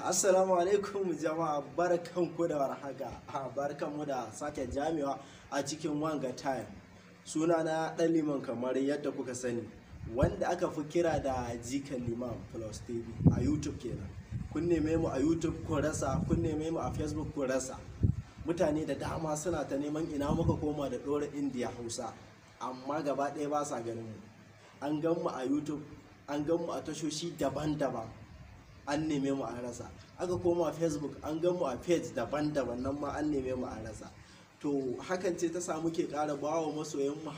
Assalamu alaikum jama'a barkanku da warhaka ah, barkanmu da sake jami'a a cikin wanga time suna na ɗan liman kamar yadda kuka sani wanda aka fi kira da jikan liman plus tv a youtube kenan kun neme mu a youtube ku rasa kun neme mu a facebook ko rasa mutane da dama suna ta neman ina muka koma da dora indiya hausa amma gaba ɗaya ba sa ganin mu an gan mu a youtube an gan mu a tashoshi daban-daban an neme mu an rasa aka koma facebook an gan mu a page daban-daban nan ma an neme mu an rasa to hakan ce ta samu ke kara bawa masoyan mu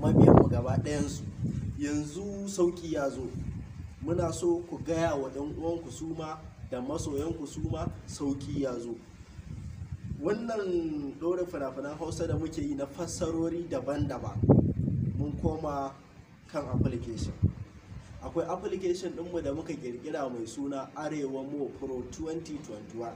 mabiyan mu gaba ɗayansu yanzu sauki ya zo muna so ku gaya wa ɗan uwanku su ma da masoyanku su ma sauki ya zo wannan ɗora fina hausa da muke yi na fassarori daban-daban mun koma kan application akwai application ɗinmu da muka kirkira mai suna arewa mo pro 2021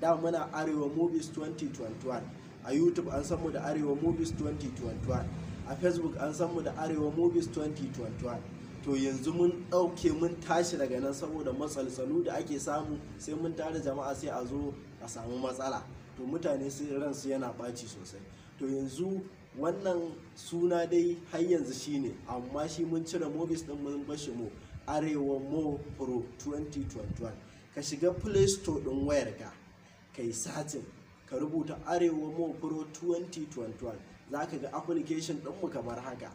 da muna arewa movies 2021 a youtube an san mu da arewa movies 2021 a facebook an san mu da arewa movies 2021 to yanzu mun ɗauke mun tashi daga nan saboda matsalsalu da ake samu sai mun tare jama'a sai a zo a samu matsala to mutane ransu yana ɓaci sosai to yanzu wannan suna dai har yanzu shine amma shi mun cire mobis din mun bashi mu arewa mo pro 2021 ka shiga play store din wayarka ka yi satin ka rubuta arewa mo pro 2021 za ka ga application ɗinmu kamar haka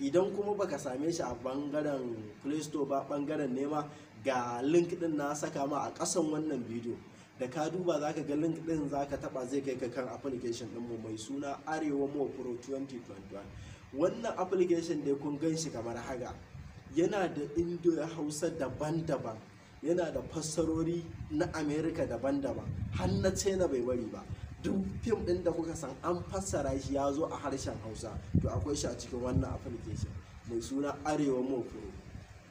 idan kuma baka same shi a bangaren play store ba bangaren nema ga link din na saka ma a ƙasan wannan bidiyo da ka duba za ka ga link ɗin za ka taɓa zai kai ka kan application ɗinmu mai suna arewa mo pro 2021 wannan application da kun gan shi kamar haga. yana da indo hausa daban-daban yana da fassarori na Amerika daban-daban har na china bai bari ba duk fim ɗin da kuka san an fassara shi ya zo a harshen hausa to akwai shi a cikin wannan application mai suna arewa mo pro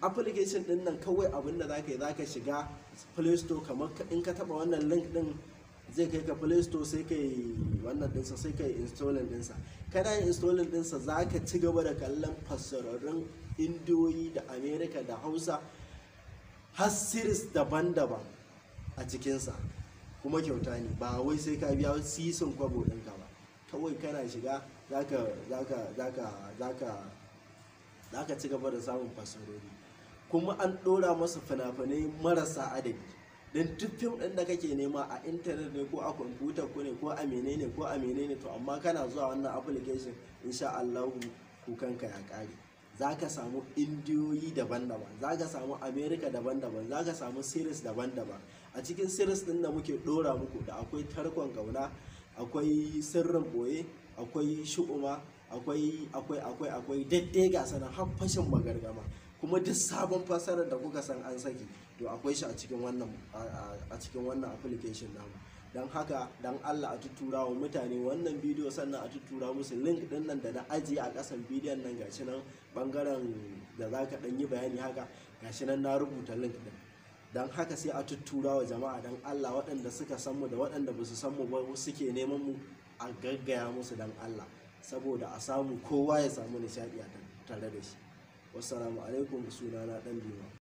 application din nan kawai abin da zaka yi zaka shiga play store kamar in ka taba wannan link din zai kai ka play store sai ka yi wannan dinsa sai ka yi installing dinsa kana yin installing dinsa zaka ci gaba da kallon fassararrun indiyoyi da america da hausa har series daban-daban a cikinsa kuma kyauta ne ba wai sai ka biya sisin kwabo ɗinka ba kawai kana shiga zaka zaka zaka zaka za ka ci gaba da samun fasarori kuma an ɗora masa fina-finai marasa adadi don duk fim ɗin da kake nema a intanet ne ko a kwamfuta ko ne ko a menene ko a menene to amma kana zuwa wannan application insha Allah kukanka ya kare za ka samu indiyoyi daban-daban za ka samu america daban-daban za ka samu series daban-daban a cikin series ɗin da muke ɗora muku da akwai tarkon gauna akwai sirrin boye akwai shu'uma akwai akwai akwai akwai daddai ga har fashin magargama kuma duk sabon fasarar da kuka san an saki to akwai shi a cikin wannan a cikin wannan application namu don haka don Allah a tuttura wa mutane wannan bidiyo sannan a tuttura musu link din nan da na ajiye a kasan bidiyon nan gashi nan bangaren da za ka ɗan yi bayani haka gashi nan na rubuta link din don haka sai a tuttura wa jama'a don Allah waɗanda suka sanmu da waɗanda ba su san mu ba suke neman mu a gaggaya musu don Allah saboda a samu kowa ya samu nishaɗi a tare da shi wasu alaikum sunana ɗan juma